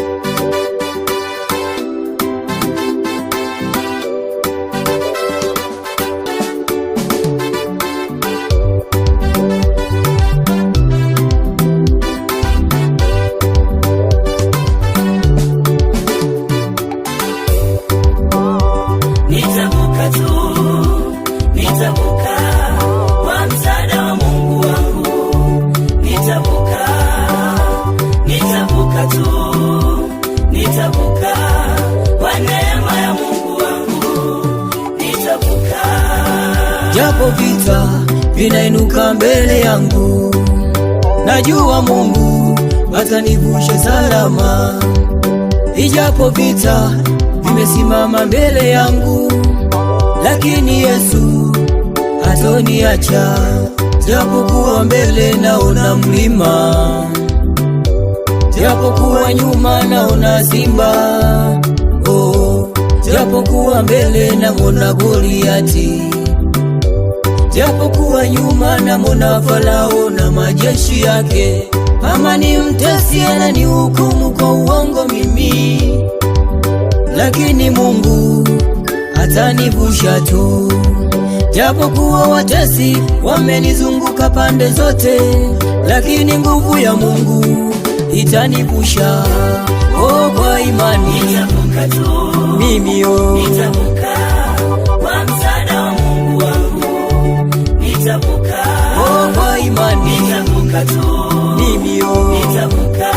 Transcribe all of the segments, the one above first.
Thank you japo vita vinainuka mbele yangu, najua Mungu atanivusha salama. Ijapo vita vimesimama mbele yangu, lakini Yesu hatoniacha, japokuwa mbele naona mlima, japokuwa nyuma naona simba oh, japokuwa mbele naona Goliati japokuwa nyuma na mona Farao na majeshi yake. Mama ni mtesi, ananihukumu kwa uongo mimi, lakini Mungu atanivusha tu. Japokuwa watesi wamenizunguka pande zote, lakini nguvu ya Mungu itanivusha. Oh, kwa imani nitavuka tu mimi, oh nitavuka Nitamka tu nitamka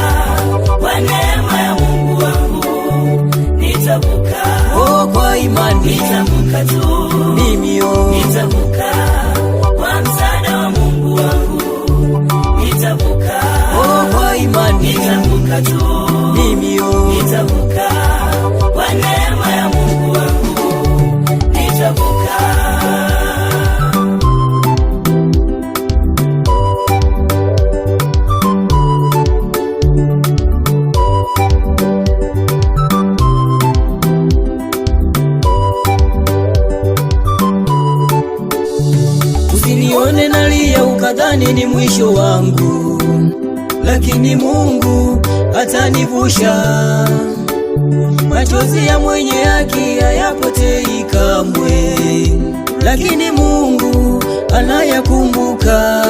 kwa neema ya Mungu wangu nitamka oh, kwa imani nitamka tu nitamka kwa msaada wa Mungu wangu nitamka oh, kwa imani nitamka tu nitamka kwa neema ya nadhani ni mwisho wangu, lakini Mungu atanivusha. Machozi ya mwenye haki hayapotei kamwe, lakini Mungu anayakumbuka.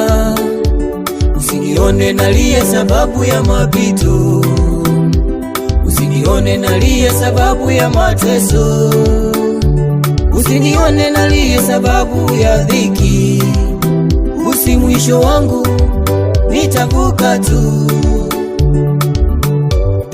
Usinione nalie sababu ya mapito, usinione nalie sababu ya mateso, usinione nalie sababu ya dhiki mwisho wangu nitavuka tu.